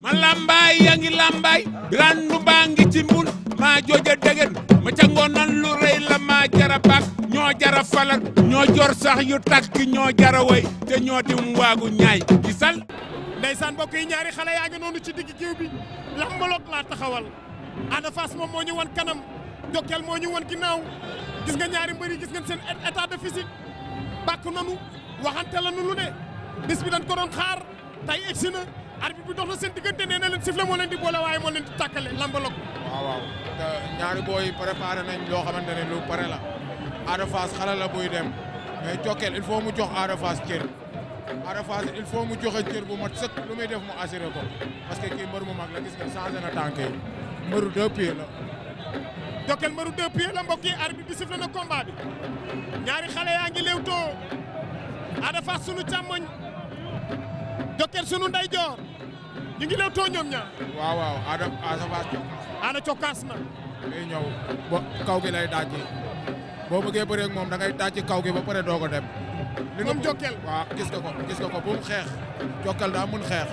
ma làmbaay yaa ngi làmbaay birandu baa ngi ci mbul maa jooja degen ma ca ngoonan lu rëy la maa jara bak ñoo jara falal ñoo jor sax yu takk ñoo jara way te ñoo di waagu ñaay gisal ndeysaan mbokk yi ñaari xale yaa ngi noonu ci digg géew bi làmbaloog laa taxawal Ada Fass moom moo ñu wan kanam Jokal moo ñu wan ginnaaw gis nga ñaari mbër yi gis ngeen seen état de physique bàkk nanu waxante la lu ne bis bi dañ ko doon xaar tey egsi na arbitre bi dox na seen diggante nee na leen sifflet moo leen boole waaye moo leen di tàkkale lambala waaw waaw ñaari booy préparé nañ loo xamante ne lu pare la Ada Fass xala buy dem mais Jokal il faut mu jox Ada Fass cër il faut mu joxe cër bu mat sëkk lu muy def mu assuré ko parce que kii mbër mu mag la gis nga changé na tànk yi mbëru la Jokal mbëru deux pieds la mbokk yi arbitre bi sifflé na combat ñaari xale yaa ngi léewtoo Ada Fass sunu càmmoñ Babacar sunu ndeyjoor ñu ngi lew too ñoom waaw waaw Ada Ada Cokkaas. Ada Cokkaas na. day ñëw ba kaw gi lay daj boo bëggee ba ak moom da ngay daj kaw gi ba pare doog a dem. li moom Jokal waaw gis nga ko gis nga ko bu xeex Jokal daa mun xeex.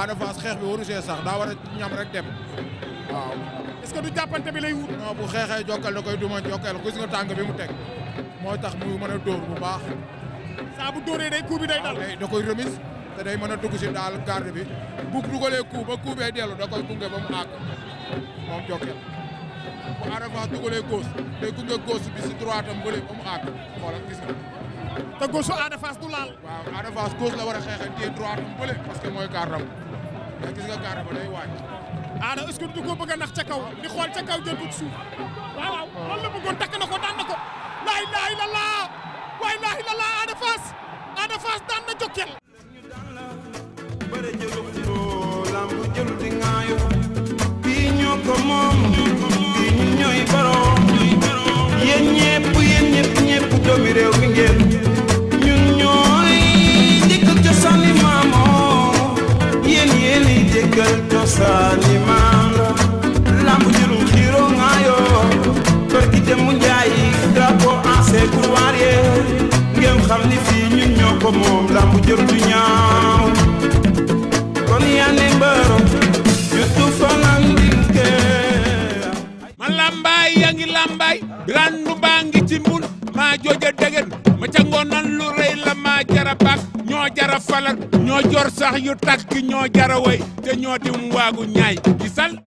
Ada Fass xeex bi waru sax daa war a ñam rek dem waaw. est-ce que du jàppante bi lay wut. bu xeexee Jokal da koy duma Jokal gis nga tàng bi mu teg moo tax mu mën a dóor bu baax. saa bu dóoree day coup bi day dal. da koy remise. te day mën a dugg si daal garde bi bu dugalee coup ba coup bee dellu da koy gunge ba mu àgg moom Jokal bu Ada Fass dugalee day gunge gauche bi si droite am ba mu àgg xoolal gis nga. te gauche du laal. waaw Ada Fass la war a xeexee téye droite am bële parce que mooy gardam mais gis nga garde ba day wàññi. Ada est-ce que a nax ca kaw di xool ca kaw jël tuuti suuf waaw waaw oh. loolu la bëggoon takk na ko daan na ko. waay laay la waay laay la jëlu di ngaayu bii ñoo ko moom bii ñun ñooy boroom yéen ñépp yéen ñépp ñépp doomi réew mi ngeen ñun ñooy dikk cosaani maamoo yéen yéen yi cosaani maam lamb jëlu xiiroo ngaayoo kër gi dem mu njaay drapeau en secours waare ngeen xam ni fii ñun ñoo ko moom lamb jëlu du yaay randu baa ngi ci mun maa jooja degen ma ca ngoonan lu rëy la maa jara bak ñoo jara falal ñoo jor sax yu tàkk ñoo jara way te ñoo dim waagu ñaay gisal